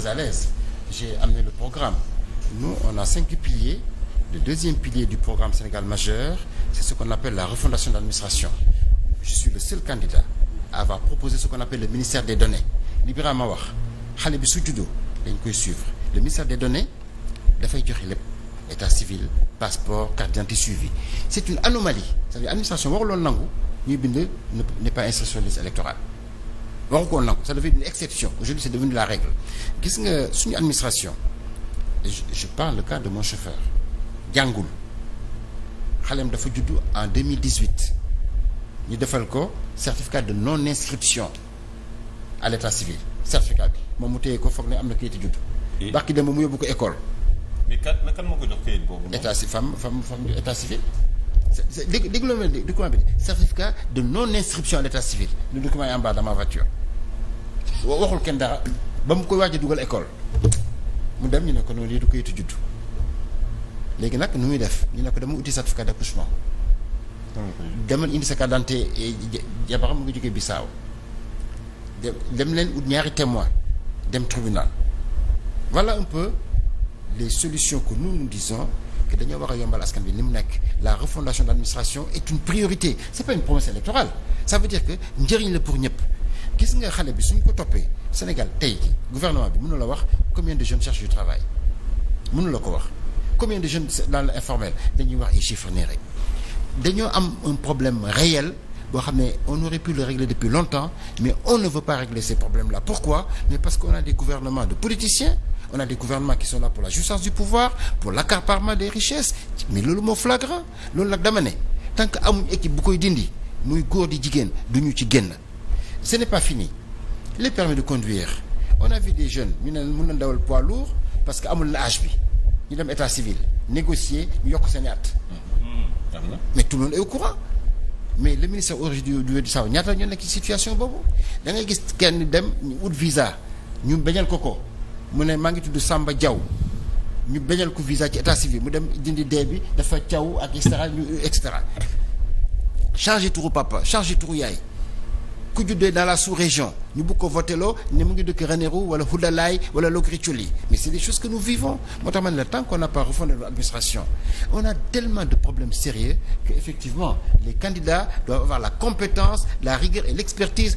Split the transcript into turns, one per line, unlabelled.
très à j'ai amené le programme nous on a cinq piliers le deuxième pilier du programme Sénégal majeur c'est ce qu'on appelle la refondation de l'administration je suis le seul candidat à proposé ce qu'on appelle le ministère des données li Birama wax xale bi su juddoo dañ koy suivre le ministère des données dafay joxe lépp état civil passeport carte d'identité suivi c'est une anomalie c'est-à-dire administration waruloon nangu ñuy bind n'est pas inscrit sur waxu koon na ko ça devait une exception aujourd'hui c'est devenu la règle gis nga suñu administration je parle le cas de mon chauffeur jàngul xalem dafa juddu en 2018 ñu defal ko certificat de non inscription à l'état civil certificat bi moom mu téye ko foog ne am na kayitu judd bàkki dem mu yóbbu ko école mais kan kan moo ko jox kayit boobu état si femme état civil dégg déglu ma document bi certificat de non inscription à l'état civil le document est en bas waxul kenn dara ba mu koy waaj di dugal école mu dem ñu ne ko noonu lii du kayitu juddu léegi nag nu muy def ñu ne ko dama uti certificat d'accouchement demal indi sa carte d'identité eh, jabaram mu ngi jógee Bissau dem leen ut ñaari témoin dem tribunal voilà un peu les solutions que nous nous dañoo war a yombal askan bi ni mu nekk la refondation de l'administration est une priorité c'est pas une promesse électorale ça veut dire que njëriñ la pour ñëpp gis nga xale bi suñ ko toppee Sénégal tey gouvernement bi mënu la wax combien de jeunes cherchent du travail mënu la ko wax combien de jeunes dans l'informel dañuy wax ay chiffres nii rek dañoo am un problème réel boo xam ne on aurait pu le régler depuis longtemps mais on ne veut on a des gouvernements qui sont là pour la jouissance du pouvoir pour l'accaparement des richesses mais loolu moo flagrant loolu nag dama ne tant que amuñ équipe bu koy dindi muy góor di jigéen du ñu ci génn ce n'est pas fini le permis de conduire on a vu des jeunes ñu ne mën na dawal poids lourd parce que amul na âge bi ñu dem état civil négocier ñu yokk seen at. Mm-hmm. mais tout le monde est au courant mais le ministère aujourd'hui du Wédu-Sahel ñaata ñu nekk situation boobu da ngay gis kenn dem ñu visa ñu bañal ko ko. mu ne maa ngi tudd Samba Diaw ñu bañal ko visa ci état civil mu dem dindi dee bi dafa caw ak et cetera ñu et cetera chargé turu papa chargé turu yaay ku juddee dans la sous-région ñu bëgg ko voteloo ne mu ngi dëkk Ranérou wala Houdalaye wala Logritcholi mais c'est des choses que nous vivons moo tax ma ne la tant qu'on n'a pas refondé notre administration on a tellement de problèmes sérieux que effectivement les candidats doivent avoir la compétence la rigueur et l'expertise